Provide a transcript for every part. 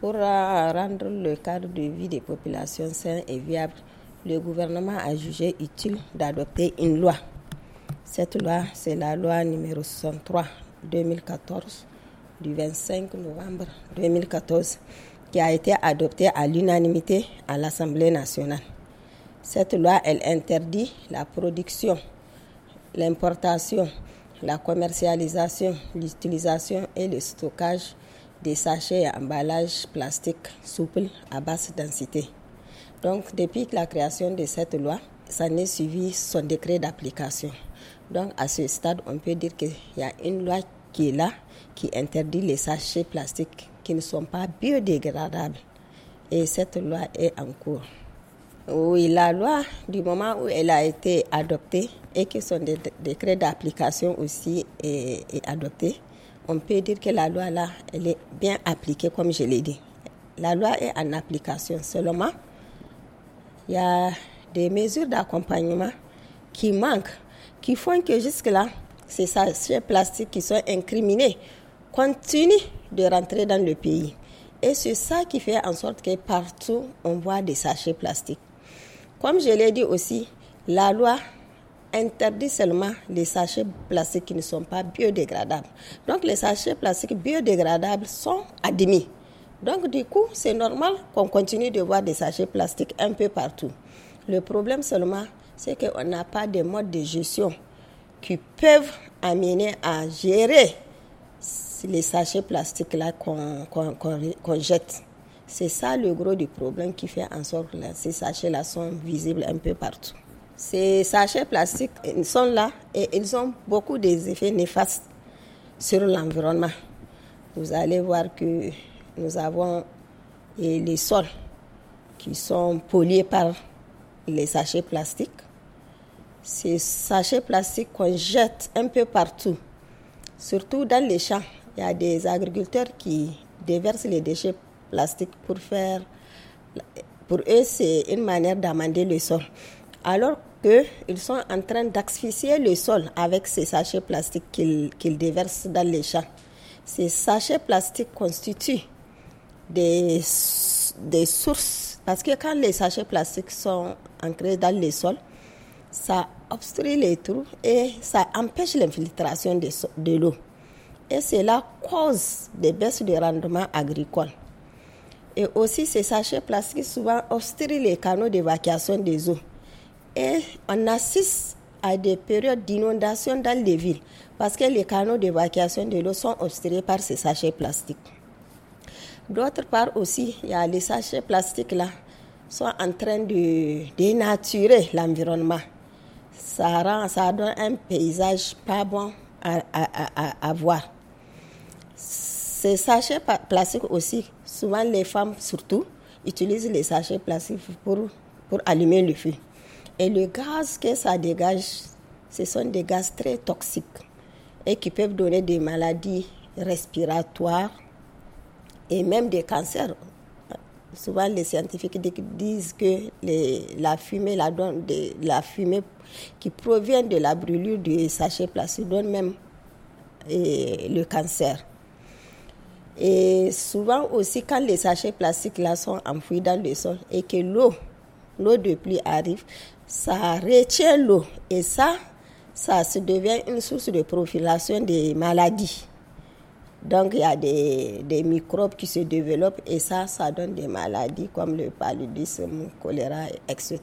Pour euh, rendre le cadre de vie des populations sain et viable, le gouvernement a jugé utile d'adopter une loi. Cette loi, c'est la loi numéro 63 2014 du 25 novembre 2014 qui a été adoptée à l'unanimité à l'Assemblée nationale. Cette loi, elle interdit la production, l'importation, la commercialisation, l'utilisation et le stockage des sachets à emballage plastique souple à basse densité. Donc, depuis la création de cette loi, ça n'est suivi son décret d'application. Donc, à ce stade, on peut dire qu'il y a une loi qui est là, qui interdit les sachets plastiques qui ne sont pas biodégradables. Et cette loi est en cours. Oui, la loi, du moment où elle a été adoptée et que son décret d'application aussi est, est adopté, on peut dire que la loi là, elle est bien appliquée comme je l'ai dit. La loi est en application seulement. Il y a des mesures d'accompagnement qui manquent, qui font que jusque-là, ces sachets plastiques qui sont incriminés continuent de rentrer dans le pays. Et c'est ça qui fait en sorte que partout, on voit des sachets plastiques. Comme je l'ai dit aussi, la loi interdit seulement les sachets plastiques qui ne sont pas biodégradables. Donc les sachets plastiques biodégradables sont admis. Donc du coup, c'est normal qu'on continue de voir des sachets plastiques un peu partout. Le problème seulement, c'est qu'on n'a pas de modes de gestion qui peuvent amener à gérer les sachets plastiques là qu'on jette. C'est ça le gros du problème qui fait en sorte que ces sachets-là sont visibles un peu partout. Ces sachets plastiques ils sont là et ils ont beaucoup d'effets néfastes sur l'environnement. Vous allez voir que nous avons les sols qui sont pollués par les sachets plastiques. Ces sachets plastiques qu'on jette un peu partout, surtout dans les champs. Il y a des agriculteurs qui déversent les déchets plastiques pour faire... Pour eux, c'est une manière d'amender le sol alors qu'ils sont en train d'asphyxier le sol avec ces sachets plastiques qu'ils déversent dans les champs. Ces sachets plastiques constituent des, des sources, parce que quand les sachets plastiques sont ancrés dans le sol, ça obstrue les trous et ça empêche l'infiltration de, de l'eau. Et cela cause des baisses de rendement agricole. Et aussi, ces sachets plastiques souvent obstruent les canaux d'évacuation des eaux et on assiste à des périodes d'inondation dans les villes parce que les canaux d'évacuation de l'eau sont obstrués par ces sachets plastiques. D'autre part aussi, il y a les sachets plastiques là sont en train de dénaturer l'environnement. Ça rend, ça donne un paysage pas bon à, à voir. Ces sachets plastiques aussi, souvent les femmes surtout, utilisent les sachets plastiques pour, pour allumer le feu. Et le gaz que ça dégage, ce sont des gaz très toxiques et qui peuvent donner des maladies respiratoires et même des cancers. Souvent, les scientifiques disent que la, fumée, la, fumée qui provient de la brûlure du sachet plastique donne même le cancer. Et souvent aussi, quand les sachets plastiques là sont enfouis dans le sol et que l'eau, l'eau de pluie arrive, ça retient l'eau et ça, ça se devient une source de profilation des maladies. Donc il y a des, des, microbes qui se développent et ça, ça donne des maladies comme le paludisme, le choléra, etc.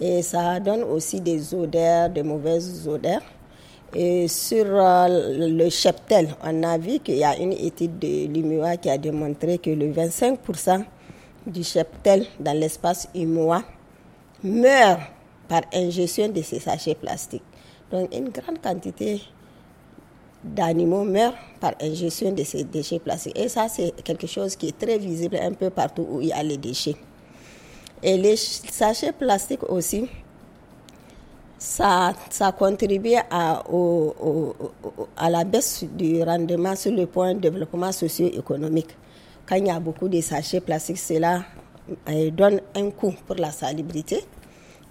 Et ça donne aussi des odeurs, de mauvaises odeurs. Et sur euh, le cheptel, on a vu qu'il y a une étude de l'UMOA qui a démontré que le 25% du cheptel dans l'espace UMOA meurent par ingestion de ces sachets plastiques. Donc une grande quantité d'animaux meurent par ingestion de ces déchets plastiques. Et ça, c'est quelque chose qui est très visible un peu partout où il y a les déchets. Et les sachets plastiques aussi, ça, ça contribue à, à la baisse du rendement sur le point de développement socio-économique. Quand il y a beaucoup de sachets plastiques, cela euh, donne un coût pour la salubrité.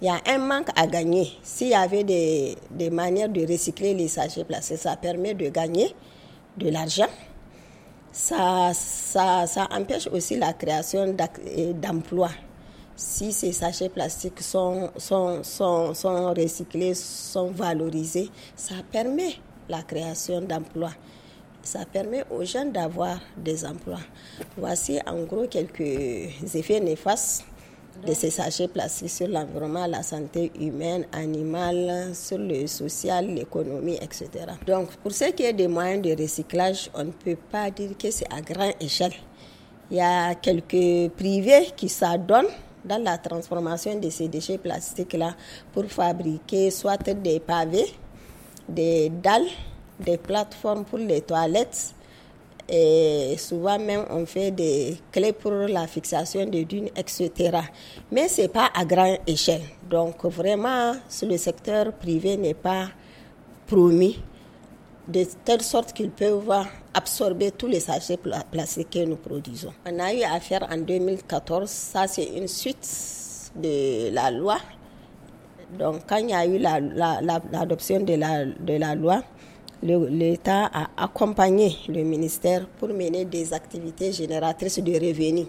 Il y a un manque à gagner. S'il y avait des, des, manières de recycler les sachets plastiques, ça permet de gagner de l'argent. Ça, ça, empêche aussi la création euh, d'emplois. Si ces sachets plastiques sont, sont, sont, sont recyclés, sont valorisés, ça permet la création d'emplois ça permet aux jeunes d'avoir des emplois. Voici en gros quelques effets néfastes de ces sachets plastiques sur l'environnement, la santé humaine, animale, sur le social, l'économie, etc. Donc, pour ce qui est des moyens de recyclage, on ne peut pas dire que c'est à grande échelle. Il y a quelques privés qui s'adonnent dans la transformation de ces déchets plastiques-là pour fabriquer soit des pavés, des dalles, des plateformes pour les toilettes. Et souvent même, on fait des clés pour la fixation des dunes, etc. Mais ce n'est pas à grande échelle. Donc vraiment, le secteur privé n'est pas promis de telle sorte qu'ils peuvent absorber tous les sachets plastiques que nous produisons. On a eu affaire en 2014, ça c'est une suite de la loi. Donc quand il y a eu l'adoption la, de la loi, l'État a accompagné le ministère pour mener des activités génératrices de revenus.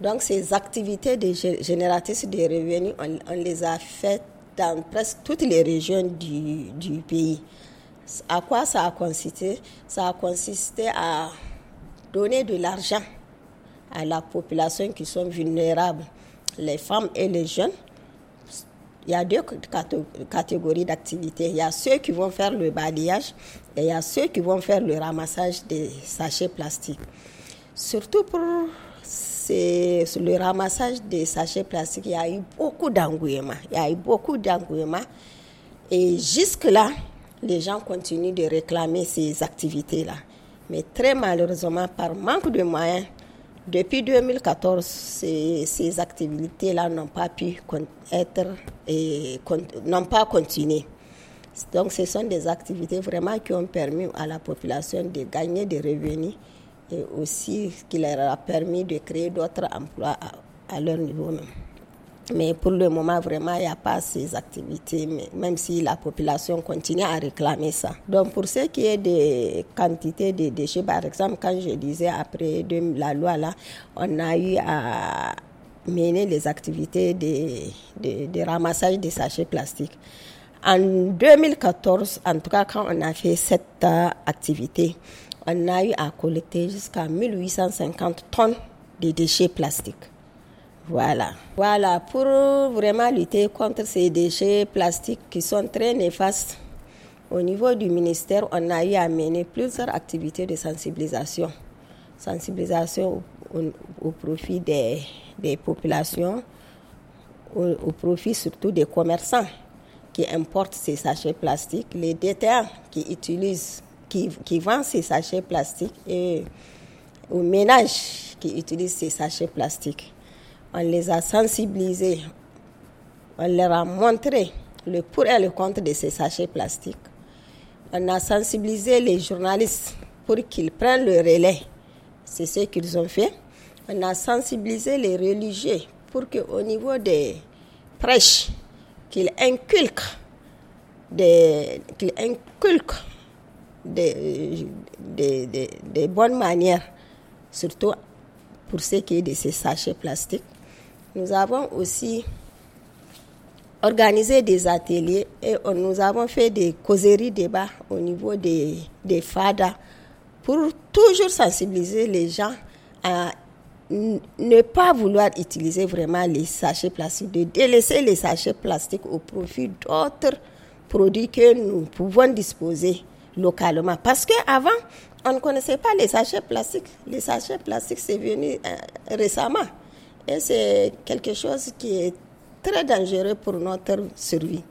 Donc ces activités génératrices de revenus, on, les a faites dans presque toutes les régions du pays. À quoi ça a consisté Ça a consisté à donner de l'argent à la population qui sont vulnérables, les femmes et les jeunes, il y a deux catégories d'activités. Il y a ceux qui vont faire le balayage et il y a ceux qui vont faire le ramassage des sachets plastiques. Surtout pour le ramassage des sachets plastiques, il y a eu beaucoup d'engouement. Il y a eu beaucoup d'engouement. Et jusque-là, les gens continuent de réclamer ces activités-là. Mais très malheureusement, par manque de moyens, depuis 2014, ces, activités-là n'ont pas pu être et n'ont pas continué. Donc, ce sont des activités vraiment qui ont permis à la population de gagner des revenus et aussi qui leur a permis de créer d'autres emplois à, à leur niveau même. Mais pour le moment, vraiment, il n'y a pas ces activités, mais même si la population continue à réclamer ça. Donc, pour ce qui est des quantités de déchets, par exemple, quand je disais après la loi, là, on a eu à mener les activités de, de ramassage des sachets plastiques. En 2014, en tout cas, quand on a fait cette euh, activité, on a eu à collecter jusqu'à 1850 tonnes de déchets plastiques. Voilà. Voilà, pour vraiment lutter contre ces déchets plastiques qui sont très néfastes, au niveau du ministère, on a eu à mener plusieurs activités de sensibilisation. Sensibilisation au, profit des, populations, au, profit surtout des commerçants qui importent ces sachets plastiques, les détaillants qui utilisent, qui, qui vendent ces sachets plastiques et aux ménages qui utilisent ces sachets plastiques on les a sensibilisés, on leur a montré le pour et le contre de ces sachets plastiques. On a sensibilisé les journalistes pour qu'ils prennent le relais. C'est ce qu'ils ont fait. On a sensibilisé les religieux pour qu'au niveau des prêches, qu'ils inculquent, des, qu'ils inculquent des, bonnes manières, surtout pour ce qui est de ces sachets plastiques. Nous avons aussi organisé des ateliers et nous avons fait des causeries débats au niveau des, des FADA pour toujours sensibiliser les gens à ne pas vouloir utiliser vraiment les sachets plastiques, de délaisser les sachets plastiques au profit d'autres produits que nous pouvons disposer localement. Parce qu'avant, on ne connaissait pas les sachets plastiques. Les sachets plastiques, c'est venu euh, récemment. Et c'est quelque chose qui est très dangereux pour notre survie.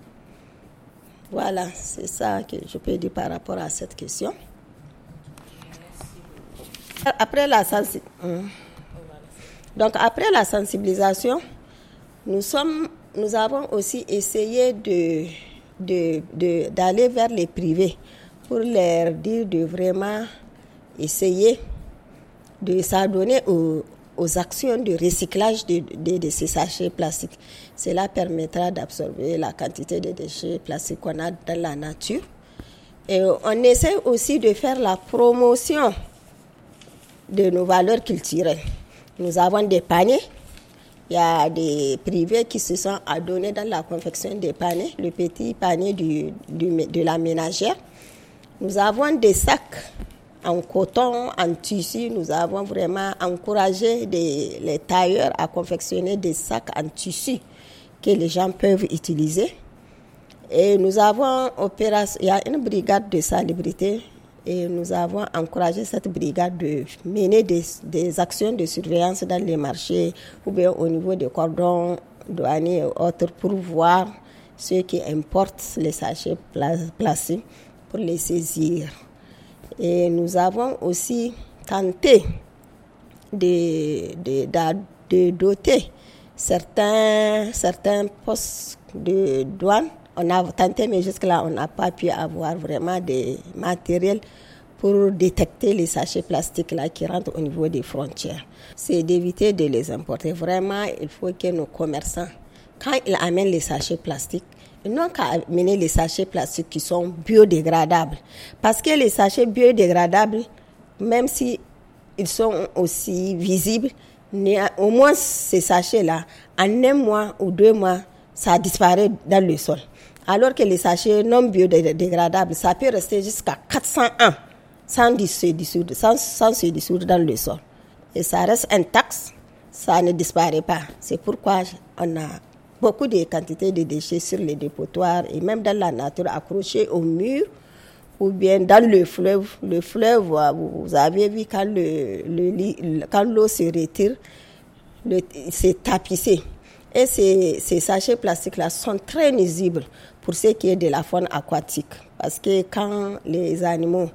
Voilà, c'est ça que je peux dire par rapport à cette question. Après la sensibilisation, hein? donc après la sensibilisation, nous sommes, nous avons aussi essayé de d'aller vers les privés pour leur dire de vraiment essayer de s'adonner aux aux actions de recyclage de, ces sachets plastiques. Cela permettra d'absorber la quantité de déchets plastiques qu'on a dans la nature. Et on essaie aussi de faire la promotion de nos valeurs culturelles. Nous avons des paniers. Il y a des privés qui se sont adonnés dans la confection des paniers, le petit panier de la ménagère. Nous avons des sacs en coton, en tissu. Nous avons vraiment encouragé les tailleurs à confectionner des sacs en tissu que les gens peuvent utiliser. Et nous avons opéré, il y a une brigade de salubrité et nous avons encouragé cette brigade de mener des, actions de surveillance dans les marchés ou bien au niveau des cordons douaniers et autres pour voir ceux qui importent les sachets placés pour les saisir. Et nous avons aussi tenté de, de, doter certains, certains postes de douane. On a tenté, mais jusque-là, on n'a pas pu avoir vraiment des matériels pour détecter les sachets plastiques là qui rentrent au niveau des frontières. C'est d'éviter de les importer. Vraiment, il faut que nos commerçants, quand ils amènent les sachets plastiques, non qu'à amener les sachets plastiques qui sont biodégradables. Parce que les sachets biodégradables, même si ils sont aussi visibles, au moins ces sachets-là, en un mois ou deux mois, ça disparaît dans le sol. Alors que les sachets non biodégradables, ça peut rester jusqu'à 400 ans sans se, dissoudre, sans se dissoudre dans le sol. Et ça reste intact, ça ne disparaît pas. C'est pourquoi on a beaucoup de quantités de déchets sur les dépotoirs et même dans la nature accrochés au mur ou bien dans le fleuve. Le fleuve, euh, vous avez vu quand l'eau le, quand se retire, c'est tapissé. Et ces, ces sachets plastiques-là sont très nuisibles pour ce qui est de la faune aquatique. Parce que quand les animaux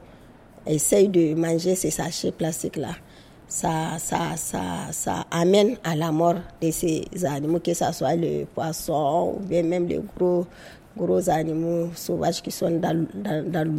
essayent de manger ces sachets plastiques-là, ça, ça, ça, amène à la mort de ces animaux, que ce soit le poisson ou bien même les gros, gros animaux sauvages qui sont dans, dans, dans